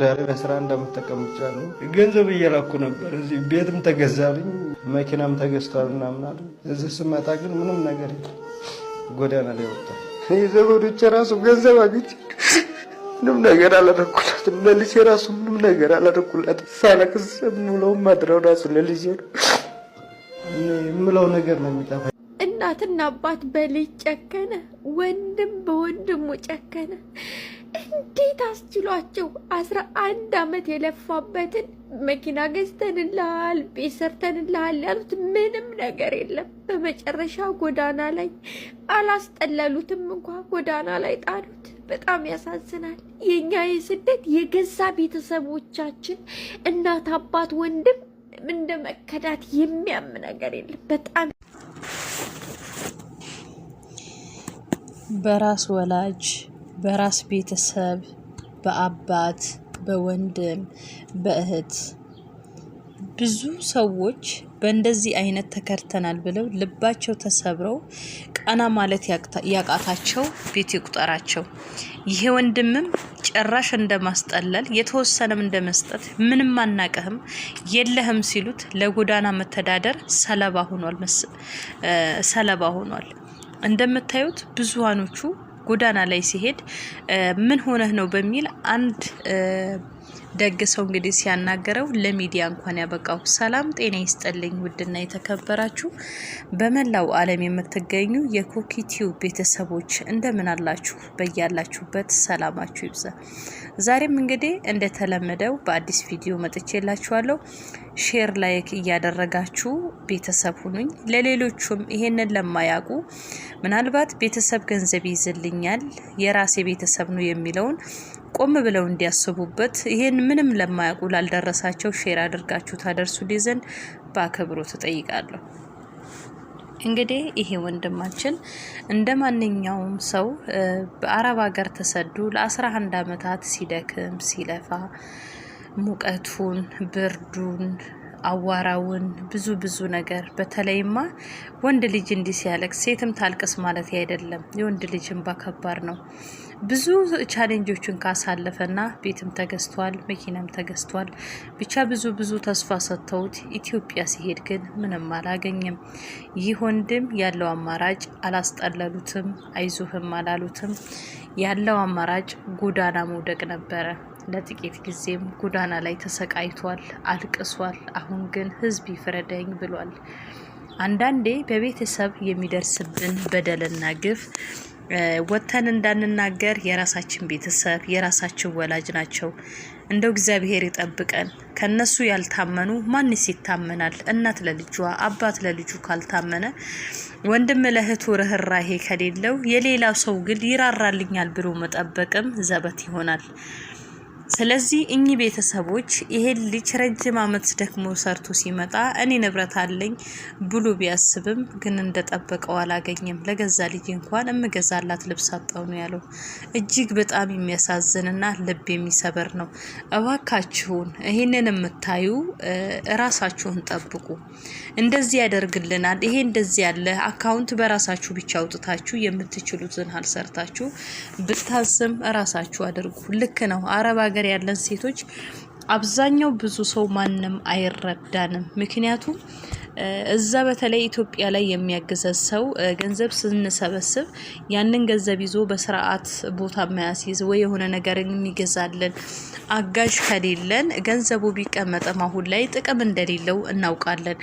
ዳሬ ለስራ እንደምጠቀም ይቻሉ ገንዘብ እየላኩ ነበር። እዚህ ቤትም ተገዛልኝ መኪናም ተገዝቷል ምናምናል። እዚህ ስመጣ ግን ምንም ነገር የለም። ጎዳና ላይ ወጥቷል። የዘመዶቼ ራሱ ገንዘብ አግኝቼ ምንም ነገር አላደረኩላትም። ለልጄ ራሱ ምንም ነገር አላደረኩላትም። ሳለቅስ የምውለው ማድረው ራሱ ለልጄ ነው። የምለው ነገር ነው የሚጠፋ እናትና አባት በልጅ ጨከነ፣ ወንድም በወንድሙ ጨከነ። እንዴት አስችሏቸው አስራ አንድ አመት የለፋበትን መኪና ገዝተንልሃል፣ ቤት ሰርተንልሃል ያሉት ምንም ነገር የለም። በመጨረሻ ጎዳና ላይ አላስጠለሉትም እንኳ ጎዳና ላይ ጣሉት። በጣም ያሳዝናል። የእኛ የስደት የገዛ ቤተሰቦቻችን እናት፣ አባት፣ ወንድም እንደ መከዳት የሚያም ነገር የለም። በጣም በራስ ወላጅ በራስ ቤተሰብ፣ በአባት፣ በወንድም፣ በእህት ብዙ ሰዎች በእንደዚህ አይነት ተከርተናል ብለው ልባቸው ተሰብረው ቀና ማለት ያቃታቸው ቤት ይቁጠራቸው። ይሄ ወንድምም ጭራሽ እንደማስጠለል የተወሰነም እንደመስጠት ምንም አናቀህም የለህም ሲሉት ለጎዳና መተዳደር ሰለባ ሆኗል። እንደምታዩት ብዙሃኖቹ ጎዳና ላይ ሲሄድ ምን ሆነህ ነው በሚል አንድ ደግ ሰው እንግዲህ ሲያናገረው ለሚዲያ እንኳን ያበቃው። ሰላም ጤና ይስጥልኝ። ውድና የተከበራችሁ በመላው ዓለም የምትገኙ የኮኪቲው ቤተሰቦች እንደምን አላችሁ? በያላችሁበት ሰላማችሁ ይብዛ። ዛሬም እንግዲህ እንደተለመደው በአዲስ ቪዲዮ መጥቼላችኋለሁ። ሼር ላይክ እያደረጋችሁ ቤተሰብ ሁኑኝ። ለሌሎቹም ይሄንን ለማያውቁ ምናልባት ቤተሰብ ገንዘብ ይዝልኛል። የራሴ ቤተሰብ ነው የሚለውን ቆም ብለው እንዲያስቡበት ይህን ምንም ለማያውቁ ላልደረሳቸው ሼር አድርጋችሁ ታደርሱ ዘንድ በአክብሮ ትጠይቃለሁ። እንግዲህ ይሄ ወንድማችን እንደ ማንኛውም ሰው በአረብ ሀገር ተሰዱ ለአስራ አንድ አመታት ሲደክም ሲለፋ ሙቀቱን ብርዱን አዋራውን ብዙ ብዙ ነገር በተለይማ ወንድ ልጅ እንዲህ ሲያለቅስ ሴትም ታልቅስ ማለት አይደለም። የወንድ ልጅ እንባ ከባድ ነው። ብዙ ቻሌንጆችን ካሳለፈና ቤትም ተገዝቷል፣ መኪናም ተገዝቷል። ብቻ ብዙ ብዙ ተስፋ ሰጥተውት ኢትዮጵያ ሲሄድ ግን ምንም አላገኘም። ይህ ወንድም ያለው አማራጭ አላስጠለሉትም፣ አይዞህም አላሉትም። ያለው አማራጭ ጎዳና መውደቅ ነበረ። ለጥቂት ጊዜም ጎዳና ላይ ተሰቃይቷል፣ አልቅሷል። አሁን ግን ህዝብ ይፍረደኝ ብሏል። አንዳንዴ በቤተሰብ የሚደርስብን በደልና ግፍ ወጥተን እንዳንናገር የራሳችን ቤተሰብ የራሳችን ወላጅ ናቸው። እንደው እግዚአብሔር ይጠብቀን። ከነሱ ያልታመኑ ማንስ ይታመናል? እናት ለልጇ፣ አባት ለልጁ ካልታመነ፣ ወንድም ለእህቱ ርኅራሄ ከሌለው የሌላው ሰው ግን ይራራልኛል ብሎ መጠበቅም ዘበት ይሆናል። ስለዚህ እኚህ ቤተሰቦች ይሄን ልጅ ረጅም ዓመት ደክሞ ሰርቶ ሲመጣ እኔ ንብረት አለኝ ብሎ ቢያስብም ግን እንደጠበቀው አላገኘም። ለገዛ ልጅ እንኳን እምገዛላት ልብስ አጣው ነው ያለው። እጅግ በጣም የሚያሳዝንና ልብ የሚሰበር ነው። እባካችሁን ይህንን የምታዩ እራሳችሁን ጠብቁ። እንደዚህ ያደርግልናል። ይሄ እንደዚህ ያለ አካውንት በራሳችሁ ብቻ አውጥታችሁ የምትችሉትን አልሰርታችሁ ብታስም እራሳችሁ አድርጉ። ልክ ነው አረባ ሀገር ያለን ሴቶች አብዛኛው ብዙ ሰው ማንም አይረዳንም። ምክንያቱም እዛ በተለይ ኢትዮጵያ ላይ የሚያግዘን ሰው ገንዘብ ስንሰበስብ ያንን ገንዘብ ይዞ በስርዓት ቦታ የማያስይዝ ወይ የሆነ ነገር የሚገዛልን አጋዥ ከሌለን ገንዘቡ ቢቀመጥም አሁን ላይ ጥቅም እንደሌለው እናውቃለን።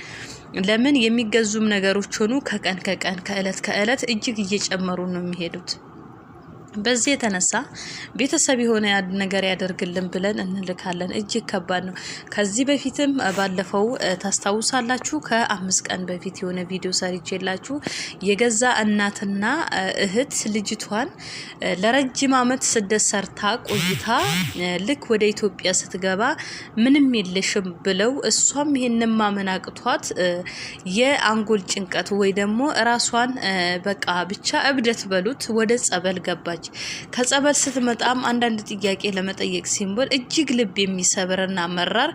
ለምን የሚገዙም ነገሮች ሆኑ ከቀን ከቀን ከእለት ከእለት እጅግ እየጨመሩ ነው የሚሄዱት። በዚህ የተነሳ ቤተሰብ የሆነ ነገር ያደርግልን ብለን እንልካለን። እጅግ ከባድ ነው። ከዚህ በፊትም ባለፈው ታስታውሳላችሁ፣ ከአምስት ቀን በፊት የሆነ ቪዲዮ ሰርቼላችሁ የገዛ እናትና እህት ልጅቷን ለረጅም ዓመት ስደት ሰርታ ቆይታ ልክ ወደ ኢትዮጵያ ስትገባ ምንም የለሽም ብለው እሷም ይህን ማመን አቅቷት የአንጎል ጭንቀት ወይ ደግሞ ራሷን በቃ ብቻ እብደት በሉት ወደ ጸበል ገባች። ትችላለች። ከጸበል ስትመጣም አንዳንድ ጥያቄ ለመጠየቅ ሲንቦል እጅግ ልብ የሚሰብርና መራር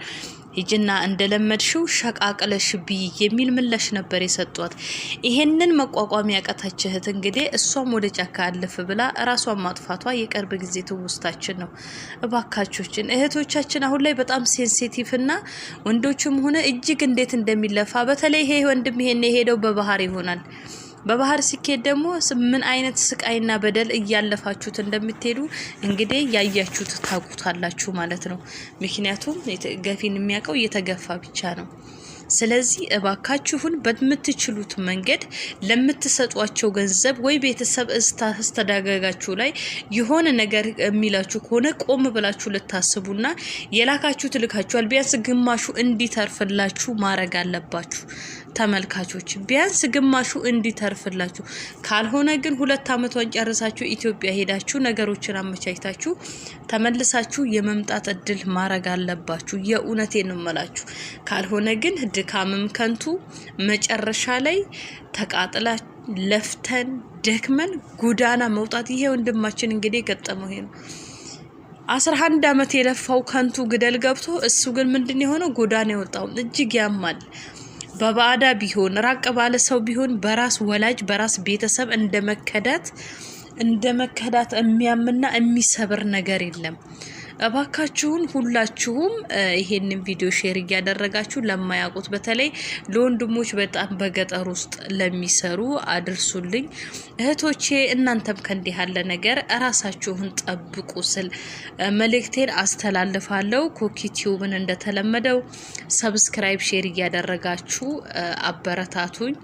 ሂጅና እንደለመድሽው ሸቃቅለሽ ብይ የሚል ምላሽ ነበር የሰጧት። ይሄንን መቋቋም ያቃታት እህት እንግዲህ እሷም ወደ ጫካ አልፍ ብላ ራሷን ማጥፋቷ የቅርብ ጊዜ ትውስታችን ነው። እባካቾችን እህቶቻችን አሁን ላይ በጣም ሴንሲቲቭ እና ወንዶችም ሆነ እጅግ እንዴት እንደሚለፋ በተለይ ይሄ ወንድም ይሄን የሄደው በባህር ይሆናል በባህር ሲኬድ ደግሞ ምን አይነት ስቃይና በደል እያለፋችሁት እንደምትሄዱ እንግዲህ ያያችሁት ታውቁታላችሁ ማለት ነው። ምክንያቱም ገፊን የሚያውቀው እየተገፋ ብቻ ነው። ስለዚህ እባካችሁን በምትችሉት መንገድ ለምትሰጧቸው ገንዘብ ወይ ቤተሰብ አስተዳጋጋችሁ ላይ የሆነ ነገር የሚላችሁ ከሆነ ቆም ብላችሁ ልታስቡና የላካችሁት ልካችኋል፣ ቢያንስ ግማሹ እንዲተርፍላችሁ ማድረግ አለባችሁ። ተመልካቾች ቢያንስ ግማሹ እንዲተርፍላችሁ፣ ካልሆነ ግን ሁለት ዓመቷን ጨርሳችሁ ኢትዮጵያ ሄዳችሁ ነገሮችን አመቻችታችሁ ተመልሳችሁ የመምጣት እድል ማድረግ አለባችሁ። የእውነቴን እምላችሁ። ካልሆነ ግን ድካምም ከንቱ፣ መጨረሻ ላይ ተቃጥላ ለፍተን ደክመን ጎዳና መውጣት። ይሄ ወንድማችን እንግዲህ የገጠመው ይሄ ነው። አስራ አንድ አመት የለፋው ከንቱ ግደል ገብቶ እሱ ግን ምንድን የሆነው ጎዳና የወጣው እጅግ ያማል። በባዕዳ ቢሆን ራቅ ባለ ሰው ቢሆን በራስ ወላጅ በራስ ቤተሰብ እንደ መከዳት እንደ መከዳት የሚያምና የሚሰብር ነገር የለም። እባካችሁን ሁላችሁም ይሄንን ቪዲዮ ሼር እያደረጋችሁ ለማያውቁት በተለይ ለወንድሞች በጣም በገጠር ውስጥ ለሚሰሩ አድርሱልኝ። እህቶቼ እናንተም ከእንዲህ ያለ ነገር እራሳችሁን ጠብቁ ስል መልእክቴን አስተላልፋለሁ። ኮኪቲዩብን እንደተለመደው ሰብስክራይብ፣ ሼር እያደረጋችሁ አበረታቱኝ።